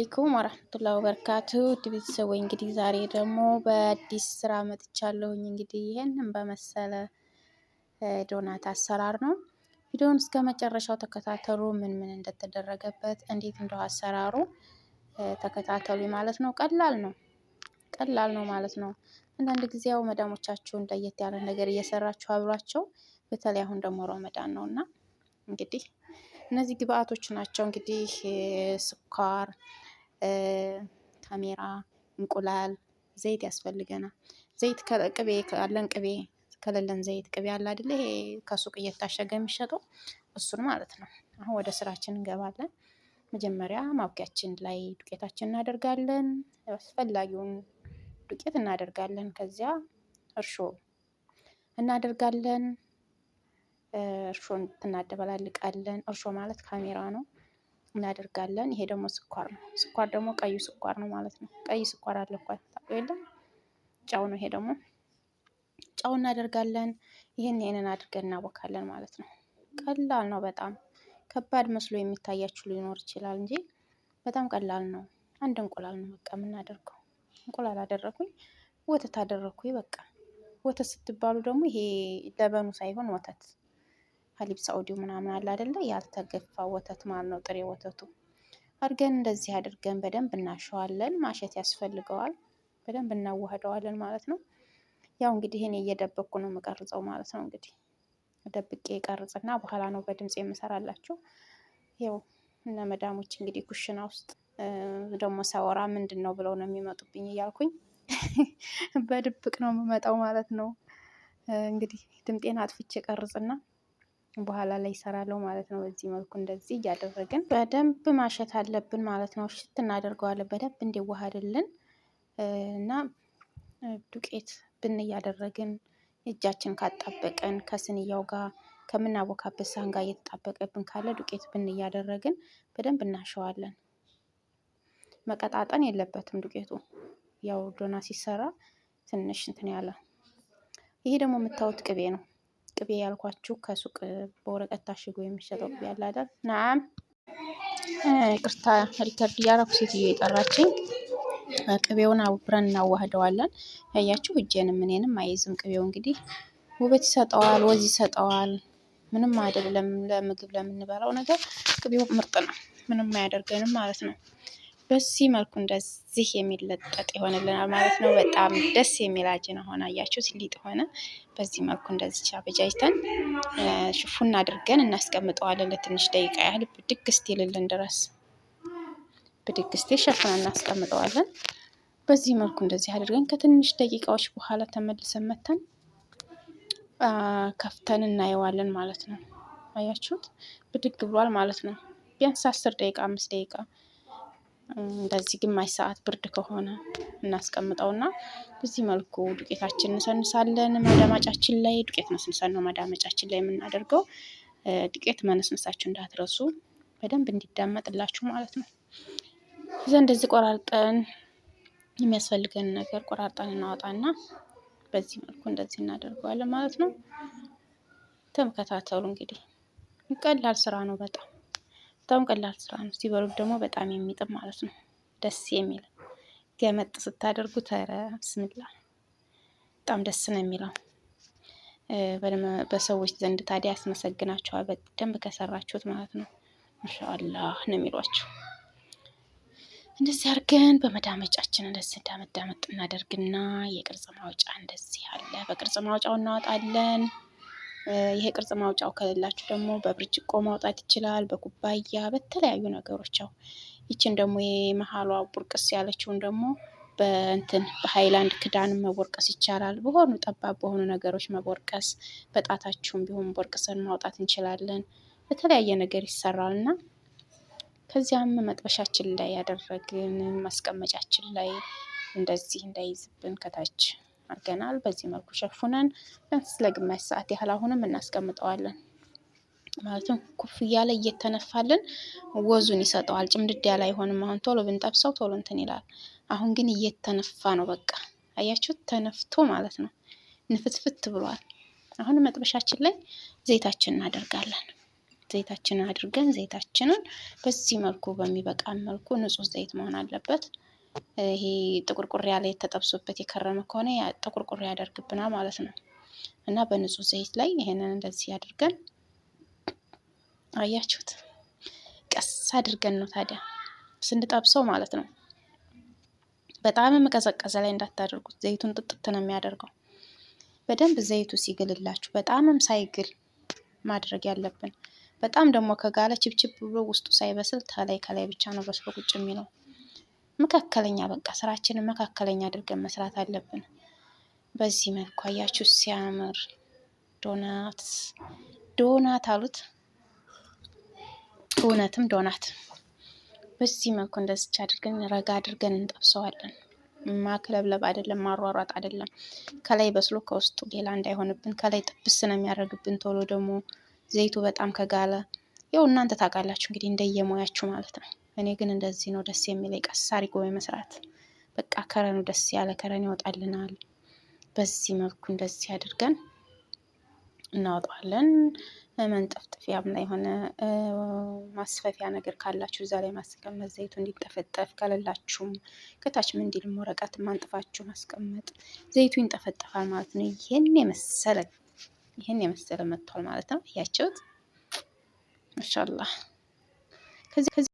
አሰላሙአለይኩም ወራህመቱላሂ ወበረካቱ ቤተሰብ ወይ እንግዲህ ዛሬ ደግሞ በአዲስ ስራ መጥቻለሁኝ። እንግዲህ ይሄንን በመሰለ ዶናት አሰራር ነው። ቪዲዮውን እስከ መጨረሻው ተከታተሉ። ምን ምን እንደተደረገበት እንዴት እንደው አሰራሩ ተከታተሉ ማለት ነው። ቀላል ነው፣ ቀላል ነው ማለት ነው። አንዳንድ ጊዜ ያው መዳሞቻችሁን ለየት ያለ ነገር እየሰራችሁ አብሯቸው፣ በተለይ አሁን ደግሞ ረመዳን ነው እና እንግዲህ እነዚህ ግብአቶች ናቸው እንግዲህ ስኳር ካሜራ፣ እንቁላል፣ ዘይት ያስፈልገናል። ዘይት ቅቤ አለን፣ ቅቤ ከሌለን ዘይት ቅቤ አለ አይደለ? ይሄ ከሱቅ እየታሸገ የሚሸጠው እሱን ማለት ነው። አሁን ወደ ስራችን እንገባለን። መጀመሪያ ማብኪያችን ላይ ዱቄታችን እናደርጋለን። አስፈላጊውን ዱቄት እናደርጋለን። ከዚያ እርሾ እናደርጋለን። እርሾን እናደበላልቃለን። እርሾ ማለት ካሜራ ነው። እናደርጋለን። ይሄ ደግሞ ስኳር ነው። ስኳር ደግሞ ቀዩ ስኳር ነው ማለት ነው። ቀይ ስኳር አለኳት የለም ጨው ነው። ይሄ ደግሞ ጨው እናደርጋለን። ይህን ይህንን አድርገን እናቦካለን ማለት ነው። ቀላል ነው። በጣም ከባድ መስሎ የሚታያችሁ ሊኖር ይችላል እንጂ በጣም ቀላል ነው። አንድ እንቁላል ነው በቃ የምናደርገው። እንቁላል አደረኩኝ፣ ወተት አደረኩኝ። በቃ ወተት ስትባሉ ደግሞ ይሄ ለበኑ ሳይሆን ወተት ሀሊብ ኦዲዮ ምናምን አለ አይደለ? ያልተገፋ ወተት ማለት ነው ጥሬ ወተቱ አድርገን እንደዚህ አድርገን በደንብ እናሸዋለን። ማሸት ያስፈልገዋል። በደንብ እናዋህደዋለን ማለት ነው። ያው እንግዲህ እኔ እየደበቅኩ ነው የምቀርጸው ማለት ነው። እንግዲህ ደብቄ ቀርጽና በኋላ ነው በድምፅ የምሰራላችሁ። ያው እነ መዳሞች እንግዲህ ኩሽና ውስጥ ደግሞ ሰወራ ምንድን ነው ብለው ነው የሚመጡብኝ እያልኩኝ በድብቅ ነው የምመጣው ማለት ነው። እንግዲህ ድምጤን አጥፍቼ ቀርጽና በኋላ ላይ ይሰራለው ማለት ነው። በዚህ መልኩ እንደዚህ እያደረግን በደንብ ማሸት አለብን ማለት ነው። ሽት እናደርገዋለን በደንብ እንዲዋሃድልን እና ዱቄት ብን እያደረግን እጃችን ካጣበቀን ከስንያው ጋር ከምናቦካበት ሳህን ጋር እየተጣበቀብን ካለ ዱቄት ብን እያደረግን በደንብ እናሸዋለን። መቀጣጠን የለበትም ዱቄቱ ያው ዶና ሲሰራ ትንሽ እንትን ያለ። ይሄ ደግሞ የምታዩት ቅቤ ነው። ቅቤ ያልኳችሁ ከሱቅ በወረቀት ታሽጎ የሚሸጠው ቅቤ አለ አይደል? ናም ቅርታ ሪከርድ እያረኩ ሴትዮ የጠራችኝ። ቅቤውን አብረን እናዋህደዋለን። ያያችሁ እጄንም እኔንም አይዝም። ቅቤው እንግዲህ ውበት ይሰጠዋል፣ ወዝ ይሰጠዋል። ምንም አይደለም። ለምግብ ለምንበላው ነገር ቅቤው ምርጥ ነው። ምንም አያደርገንም ማለት ነው። በዚህ መልኩ እንደዚህ የሚለጠጥ ይሆንልናል ማለት ነው። በጣም ደስ የሚል አጅና ሆነ አያችሁት፣ ሊጥ ሆነ። በዚህ መልኩ እንደዚህ አበጃጅተን ሽፉን አድርገን እናስቀምጠዋለን ለትንሽ ደቂቃ ያህል ብድግ እስኪልልን ድረስ ብድግ እስኪል ሸፍነን እናስቀምጠዋለን። በዚህ መልኩ እንደዚህ አድርገን ከትንሽ ደቂቃዎች በኋላ ተመልሰን መተን ከፍተን እናየዋለን ማለት ነው። አያችሁት ብድግ ብሏል ማለት ነው። ቢያንስ አስር ደቂቃ አምስት ደቂቃ እንደዚህ ግማሽ ሰዓት ብርድ ከሆነ እና በዚህ መልኩ ዱቄታችን እንሰንሳለን። መዳማጫችን ላይ ዱቄት መስንሰን ነው መዳመጫችን ላይ የምናደርገው። ዱቄት መነስነሳችሁ እንዳትረሱ፣ በደንብ እንዲዳመጥላችሁ ማለት ነው። እዛ እንደዚህ ቆራርጠን የሚያስፈልገን ነገር ቆራርጠን እናወጣና በዚህ መልኩ እንደዚህ እናደርገዋለን ማለት ነው። ተመከታተሉ እንግዲህ፣ ቀላል ስራ ነው በጣም በጣም ቀላል ስራ ነው። ሲበሉት ደግሞ በጣም የሚጥም ማለት ነው። ደስ የሚል ገመጥ ስታደርጉት ተረ ብስምላ በጣም ደስ ነው የሚለው። በሰዎች ዘንድ ታዲያ ያስመሰግናቸዋል። በደንብ ከሰራችሁት ማለት ነው። ማሻአላህ ነው የሚሏቸው። እንደዚህ አድርገን በመዳመጫችን እንደዚህ እንዳመዳመጥ እናደርግና የቅርጽ ማውጫ እንደዚህ አለ። በቅርጽ ማውጫው እናወጣለን። ይሄ ቅርጽ ማውጫው ከሌላችሁ ደግሞ በብርጭቆ ማውጣት ይችላል፣ በኩባያ በተለያዩ ነገሮች ው ይችን ደግሞ የመሀሏ ቡርቅስ ያለችውን ደግሞ በእንትን በሀይላንድ ክዳን መቦርቀስ ይቻላል። በሆኑ ጠባብ በሆኑ ነገሮች መቦርቀስ፣ በጣታችሁም ቢሆን ቦርቅሰን ማውጣት እንችላለን። በተለያየ ነገር ይሰራል እና ከዚያም መጥበሻችን ላይ ያደረግን ማስቀመጫችን ላይ እንደዚህ እንዳይዝብን ከታች አድርገናል። በዚህ መልኩ ሸፉነን ቢያንስ ለግማሽ ሰዓት ያህል አሁንም እናስቀምጠዋለን ማለትም ኩፍ እያለ እየተነፋልን ወዙን ይሰጠዋል። ጭምድድ ያለ አይሆንም። አሁን ቶሎ ብንጠብሰው ቶሎ እንትን ይላል። አሁን ግን እየተነፋ ነው። በቃ አያችሁት? ተነፍቶ ማለት ነው። ንፍትፍት ብሏል። አሁን መጥበሻችን ላይ ዘይታችን እናደርጋለን። ዘይታችንን አድርገን ዘይታችንን በዚህ መልኩ በሚበቃ መልኩ ንጹህ ዘይት መሆን አለበት። ይሄ ጥቁርቁር ላይ የተጠብሶበት የከረመ ከሆነ ጥቁርቁር ያደርግብናል ማለት ነው። እና በንጹህ ዘይት ላይ ይሄንን እንደዚህ አድርገን አያችሁት፣ ቀስ አድርገን ነው ታዲያ ስንጠብሰው ማለት ነው። በጣም የምቀዘቀዘ ላይ እንዳታደርጉት፣ ዘይቱን ጥጥት ነው የሚያደርገው። በደንብ ዘይቱ ሲግልላችሁ፣ በጣምም ሳይግል ማድረግ ያለብን። በጣም ደግሞ ከጋለ ችብችብ ብሎ ውስጡ ሳይበስል ከላይ ከላይ ብቻ ነው በስሎ ቁጭ የሚለው። መካከለኛ በቃ ስራችንን መካከለኛ አድርገን መስራት አለብን። በዚህ መልኩ አያችሁ ሲያምር ዶናት ዶናት አሉት። እውነትም ዶናት በዚህ መልኩ እንደዚች አድርገን ረጋ አድርገን እንጠብሰዋለን። ማክለብለብ አይደለም፣ ማሯሯጥ አይደለም። ከላይ በስሎ ከውስጡ ሌላ እንዳይሆንብን ከላይ ጥብስ ነው የሚያደርግብን። ቶሎ ደግሞ ዘይቱ በጣም ከጋለ ያው እናንተ ታውቃላችሁ እንግዲህ እንደየሙያችሁ ማለት ነው። እኔ ግን እንደዚህ ነው ደስ የሚለኝ፣ ቀስ አድርጎ መስራት። በቃ ከረኑ ደስ ያለ ከረን ይወጣልናል። በዚህ መልኩ እንደዚህ አድርገን እናወጣዋለን። መንጠፍጠፊያም ላይ የሆነ ማስፈፊያ ነገር ካላችሁ እዛ ላይ ማስቀመጥ፣ ዘይቱ እንዲንጠፈጠፍ ከሌላችሁም ከታች ምን እንዲልም ወረቀት ማንጥፋችሁ ማስቀመጥ፣ ዘይቱ ይንጠፈጠፋል ማለት ነው። ይህን የመሰለ ይህን የመሰለ መጥቷል ማለት ነው። እያቸውት ማሻላህ ከዚህ